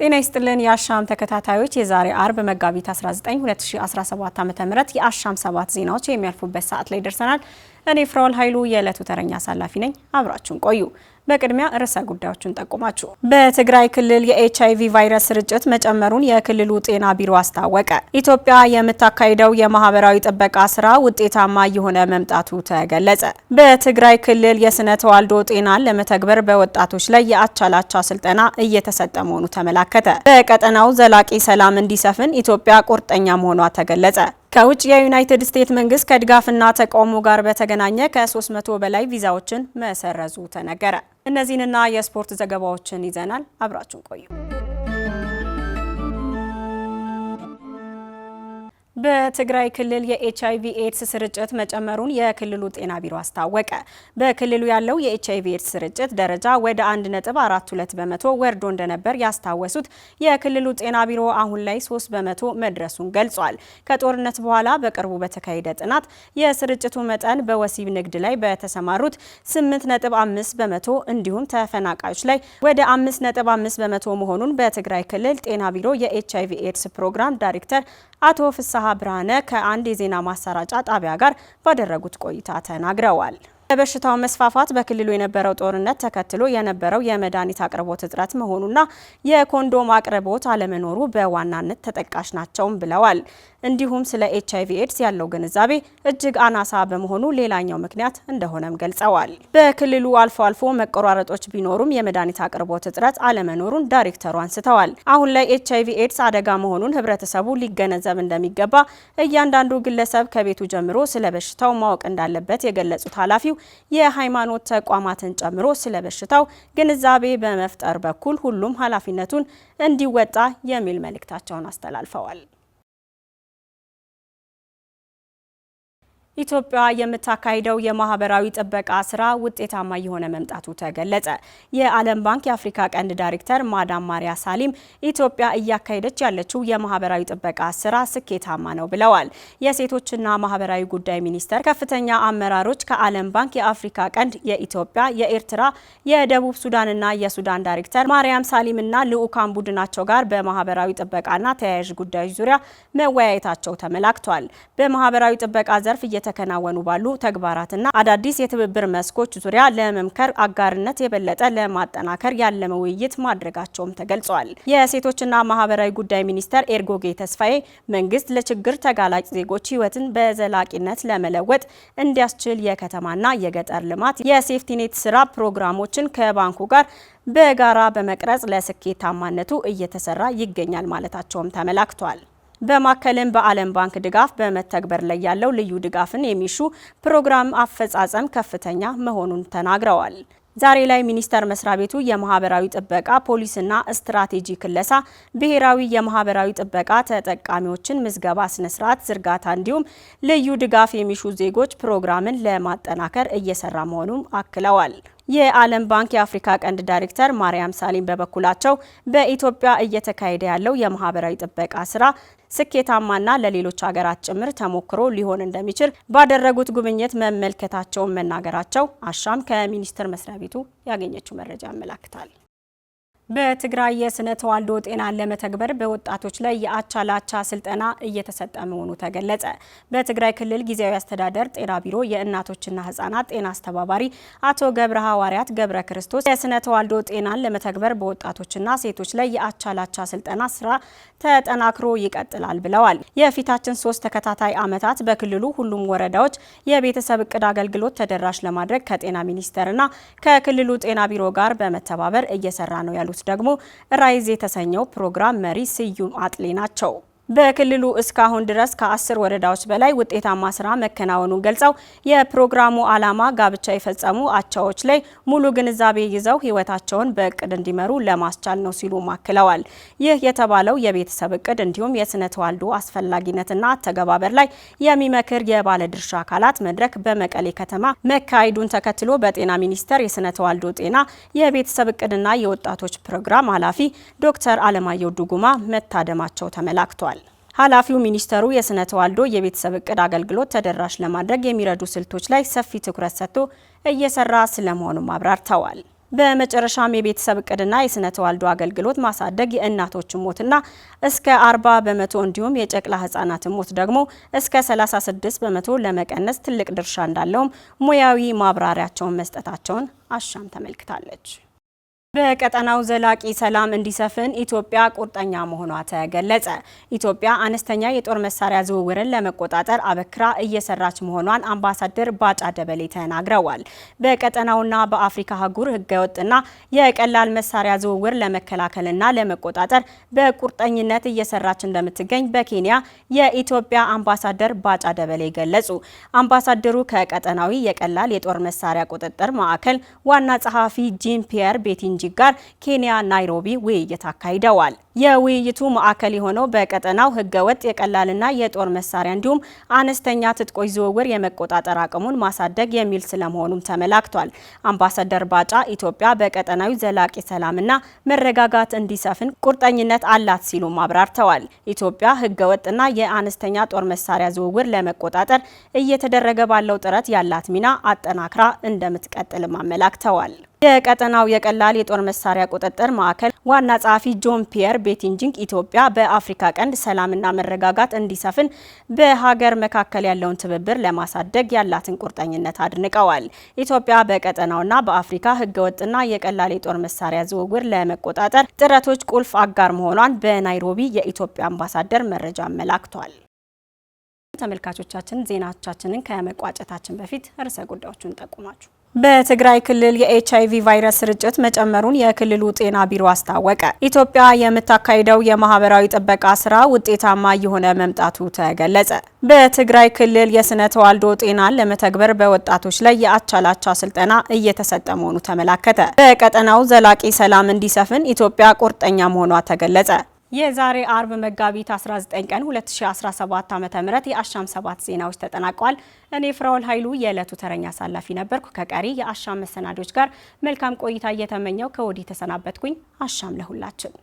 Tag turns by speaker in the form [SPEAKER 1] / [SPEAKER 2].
[SPEAKER 1] ጤና ይስጥልን የአሻም ተከታታዮች፣ የዛሬ አርብ መጋቢት 19 2017 ዓ.ም የአሻም ሰባት ዜናዎች የሚያልፉበት ሰዓት ላይ ደርሰናል። እኔ ፍራውል ኃይሉ የዕለቱ ተረኛ አሳላፊ ነኝ። አብራችሁን ቆዩ። በቅድሚያ ርዕሰ ጉዳዮችን ጠቁማችሁ። በትግራይ ክልል የኤች አይቪ ቫይረስ ስርጭት መጨመሩን የክልሉ ጤና ቢሮ አስታወቀ። ኢትዮጵያ የምታካሂደው የማህበራዊ ጥበቃ ስራ ውጤታማ እየሆነ መምጣቱ ተገለጸ። በትግራይ ክልል የስነ ተዋልዶ ጤናን ለመተግበር በወጣቶች ላይ የአቻላቻ ስልጠና እየተሰጠ መሆኑ ተመላከተ። በቀጠናው ዘላቂ ሰላም እንዲሰፍን ኢትዮጵያ ቁርጠኛ መሆኗ ተገለጸ። ከውጭ የዩናይትድ ስቴትስ መንግስት ከድጋፍና ተቃውሞ ጋር በተገናኘ ከ300 በላይ ቪዛዎችን መሰረዙ ተነገረ። እነዚህንና የስፖርት ዘገባዎችን ይዘናል። አብራችሁን ቆዩ። በትግራይ ክልል የኤች አይቪ ኤድስ ስርጭት መጨመሩን የክልሉ ጤና ቢሮ አስታወቀ። በክልሉ ያለው የኤች አይቪ ኤድስ ስርጭት ደረጃ ወደ 1.42 በመቶ ወርዶ እንደነበር ያስታወሱት የክልሉ ጤና ቢሮ አሁን ላይ 3 በመቶ መድረሱን ገልጿል። ከጦርነት በኋላ በቅርቡ በተካሄደ ጥናት የስርጭቱ መጠን በወሲብ ንግድ ላይ በተሰማሩት 8.5 በመቶ እንዲሁም ተፈናቃዮች ላይ ወደ 5.5 በመቶ መሆኑን በትግራይ ክልል ጤና ቢሮ የኤች ኤድስ ፕሮግራም ዳይሬክተር አቶ ፍስሐ ብርሃነ ከአንድ የዜና ማሰራጫ ጣቢያ ጋር ባደረጉት ቆይታ ተናግረዋል። የበሽታው መስፋፋት በክልሉ የነበረው ጦርነት ተከትሎ የነበረው የመድኃኒት አቅርቦት እጥረት መሆኑና የኮንዶም አቅርቦት አለመኖሩ በዋናነት ተጠቃሽ ናቸውም ብለዋል። እንዲሁም ስለ ኤች አይቪ ኤድስ ያለው ግንዛቤ እጅግ አናሳ በመሆኑ ሌላኛው ምክንያት እንደሆነም ገልጸዋል። በክልሉ አልፎ አልፎ መቆራረጦች ቢኖሩም የመድኃኒት አቅርቦት እጥረት አለመኖሩን ዳይሬክተሩ አንስተዋል። አሁን ላይ ኤች አይቪ ኤድስ አደጋ መሆኑን ህብረተሰቡ ሊገነዘብ እንደሚገባ እያንዳንዱ ግለሰብ ከቤቱ ጀምሮ ስለ በሽታው ማወቅ እንዳለበት የገለጹት ኃላፊው የሃይማኖት ተቋማትን ጨምሮ ስለ በሽታው ግንዛቤ በመፍጠር በኩል ሁሉም ኃላፊነቱን እንዲወጣ የሚል መልእክታቸውን አስተላልፈዋል። ኢትዮጵያ የምታካሂደው የማህበራዊ ጥበቃ ስራ ውጤታማ እየሆነ መምጣቱ ተገለጸ። የዓለም ባንክ የአፍሪካ ቀንድ ዳይሬክተር ማዳም ማሪያ ሳሊም ኢትዮጵያ እያካሄደች ያለችው የማህበራዊ ጥበቃ ስራ ስኬታማ ነው ብለዋል። የሴቶችና ማህበራዊ ጉዳይ ሚኒስቴር ከፍተኛ አመራሮች ከዓለም ባንክ የአፍሪካ ቀንድ የኢትዮጵያ፣ የኤርትራ፣ የደቡብ ሱዳንና የሱዳን ዳይሬክተር ማርያም ሳሊምና ልዑካን ቡድናቸው ጋር በማህበራዊ ጥበቃና ተያያዥ ጉዳዮች ዙሪያ መወያየታቸው ተመላክቷል። በማህበራዊ ጥበቃ ዘርፍ እየተከናወኑ ባሉ ተግባራትና አዳዲስ የትብብር መስኮች ዙሪያ ለመምከር አጋርነት የበለጠ ለማጠናከር ያለመ ውይይት ማድረጋቸውም ተገልጿል። የሴቶችና ማህበራዊ ጉዳይ ሚኒስተር ኤርጎጌ ተስፋዬ መንግስት ለችግር ተጋላጭ ዜጎች ህይወትን በዘላቂነት ለመለወጥ እንዲያስችል የከተማና የገጠር ልማት የሴፍቲኔት ስራ ፕሮግራሞችን ከባንኩ ጋር በጋራ በመቅረጽ ለስኬታማነቱ እየተሰራ ይገኛል ማለታቸውም ተመላክቷል። በማከልም በዓለም ባንክ ድጋፍ በመተግበር ላይ ያለው ልዩ ድጋፍን የሚሹ ፕሮግራም አፈጻጸም ከፍተኛ መሆኑን ተናግረዋል። ዛሬ ላይ ሚኒስቴር መስሪያ ቤቱ የማህበራዊ ጥበቃ ፖሊስና ስትራቴጂ ክለሳ፣ ብሔራዊ የማህበራዊ ጥበቃ ተጠቃሚዎችን ምዝገባ ስነስርዓት ዝርጋታ እንዲሁም ልዩ ድጋፍ የሚሹ ዜጎች ፕሮግራምን ለማጠናከር እየሰራ መሆኑም አክለዋል። የዓለም ባንክ የአፍሪካ ቀንድ ዳይሬክተር ማርያም ሳሊም በበኩላቸው በኢትዮጵያ እየተካሄደ ያለው የማህበራዊ ጥበቃ ስራ ስኬታማና ለሌሎች ሀገራት ጭምር ተሞክሮ ሊሆን እንደሚችል ባደረጉት ጉብኝት መመልከታቸውን መናገራቸው አሻም ከሚኒስቴር መስሪያ ቤቱ ያገኘችው መረጃ ያመላክታል። በትግራይ የስነ ተዋልዶ ጤናን ለመተግበር በወጣቶች ላይ የአቻ ለአቻ ስልጠና እየተሰጠ መሆኑ ተገለጸ። በትግራይ ክልል ጊዜያዊ አስተዳደር ጤና ቢሮ የእናቶችና ህጻናት ጤና አስተባባሪ አቶ ገብረ ሐዋርያት ገብረ ክርስቶስ የስነ ተዋልዶ ጤናን ለመተግበር በወጣቶችና ሴቶች ላይ የአቻ ለአቻ ስልጠና ስራ ተጠናክሮ ይቀጥላል ብለዋል። የፊታችን ሶስት ተከታታይ ዓመታት በክልሉ ሁሉም ወረዳዎች የቤተሰብ እቅድ አገልግሎት ተደራሽ ለማድረግ ከጤና ሚኒስቴርና ከክልሉ ጤና ቢሮ ጋር በመተባበር እየሰራ ነው ያሉት ደግሞ ራይዝ የተሰኘው ፕሮግራም መሪ ስዩም አጥሌ ናቸው። በክልሉ እስካሁን ድረስ ከአስር ወረዳዎች በላይ ውጤታማ ስራ መከናወኑን ገልጸው የፕሮግራሙ ዓላማ ጋብቻ የፈጸሙ አቻዎች ላይ ሙሉ ግንዛቤ ይዘው ህይወታቸውን በእቅድ እንዲመሩ ለማስቻል ነው ሲሉ ማክለዋል። ይህ የተባለው የቤተሰብ እቅድ እንዲሁም የስነ ተዋልዶ አስፈላጊነትና አተገባበር ላይ የሚመክር የባለድርሻ አካላት መድረክ በመቀሌ ከተማ መካሄዱን ተከትሎ በጤና ሚኒስቴር የስነ ተዋልዶ ጤና የቤተሰብ እቅድና የወጣቶች ፕሮግራም ኃላፊ ዶክተር አለማየሁ ዱጉማ መታደማቸው ተመላክቷል። ኃላፊው ሚኒስተሩ የስነ ተዋልዶ የቤተሰብ እቅድ አገልግሎት ተደራሽ ለማድረግ የሚረዱ ስልቶች ላይ ሰፊ ትኩረት ሰጥቶ እየሰራ ስለመሆኑም አብራርተዋል። በመጨረሻም የቤተሰብ እቅድና የስነ ተዋልዶ አገልግሎት ማሳደግ የእናቶችን ሞትና እስከ 40 በመቶ እንዲሁም የጨቅላ ህጻናትን ሞት ደግሞ እስከ 36 በመቶ ለመቀነስ ትልቅ ድርሻ እንዳለውም ሙያዊ ማብራሪያቸውን መስጠታቸውን አሻም ተመልክታለች። በቀጠናው ዘላቂ ሰላም እንዲሰፍን ኢትዮጵያ ቁርጠኛ መሆኗ ተገለጸ። ኢትዮጵያ አነስተኛ የጦር መሳሪያ ዝውውርን ለመቆጣጠር አበክራ እየሰራች መሆኗን አምባሳደር ባጫ ደበሌ ተናግረዋል። በቀጠናውና በአፍሪካ አህጉር ህገወጥና የቀላል መሳሪያ ዝውውር ለመከላከልና ለመቆጣጠር በቁርጠኝነት እየሰራች እንደምትገኝ በኬንያ የኢትዮጵያ አምባሳደር ባጫ ደበሌ ገለጹ። አምባሳደሩ ከቀጠናዊ የቀላል የጦር መሳሪያ ቁጥጥር ማዕከል ዋና ጸሐፊ ጂን ፒየር ቤቲንጂ ሱቺ ጋር ኬንያ ናይሮቢ ውይይት አካሂደዋል። የውይይቱ ማዕከል የሆነው በቀጠናው ህገ ወጥ የቀላልና የጦር መሳሪያ እንዲሁም አነስተኛ ትጥቆች ዝውውር የመቆጣጠር አቅሙን ማሳደግ የሚል ስለመሆኑም ተመላክቷል። አምባሳደር ባጫ ኢትዮጵያ በቀጠናዊ ዘላቂ ሰላምና መረጋጋት እንዲሰፍን ቁርጠኝነት አላት ሲሉም አብራርተዋል። ኢትዮጵያ ወጥና የአነስተኛ ጦር መሳሪያ ዝውውር ለመቆጣጠር እየተደረገ ባለው ጥረት ያላት ሚና አጠናክራ እንደምትቀጥልም አመላክተዋል። የቀጠናው የቀላል የጦር መሳሪያ ቁጥጥር ማዕከል ዋና ጸሐፊ ጆን ፒየር ቤቲንጂንግ ኢትዮጵያ በአፍሪካ ቀንድ ሰላምና መረጋጋት እንዲሰፍን በሀገር መካከል ያለውን ትብብር ለማሳደግ ያላትን ቁርጠኝነት አድንቀዋል። ኢትዮጵያ በቀጠናውና በአፍሪካ ህገወጥና የቀላል የጦር መሳሪያ ዝውውር ለመቆጣጠር ጥረቶች ቁልፍ አጋር መሆኗን በናይሮቢ የኢትዮጵያ አምባሳደር መረጃ አመላክቷል። ተመልካቾቻችን ዜናቻችንን ከመቋጨታችን በፊት ርዕሰ ጉዳዮቹን ጠቁማችሁ በትግራይ ክልል የኤች አይቪ ቫይረስ ስርጭት መጨመሩን የክልሉ ጤና ቢሮ አስታወቀ። ኢትዮጵያ የምታካሂደው የማህበራዊ ጥበቃ ስራ ውጤታማ እየሆነ መምጣቱ ተገለጸ። በትግራይ ክልል የስነ ተዋልዶ ጤናን ለመተግበር በወጣቶች ላይ የአቻላቻ ስልጠና እየተሰጠ መሆኑ ተመላከተ። በቀጠናው ዘላቂ ሰላም እንዲሰፍን ኢትዮጵያ ቁርጠኛ መሆኗ ተገለጸ። የዛሬ አርብ መጋቢት 19 ቀን 2017 ዓ.ም የአሻም ሰባት ዜናዎች ተጠናቀዋል። እኔ ፍራውል ኃይሉ የዕለቱ ተረኛ አሳላፊ ነበርኩ። ከቀሪ የአሻም መሰናዶች ጋር መልካም ቆይታ እየተመኘው ከወዲህ ተሰናበትኩኝ። አሻም ለሁላችን!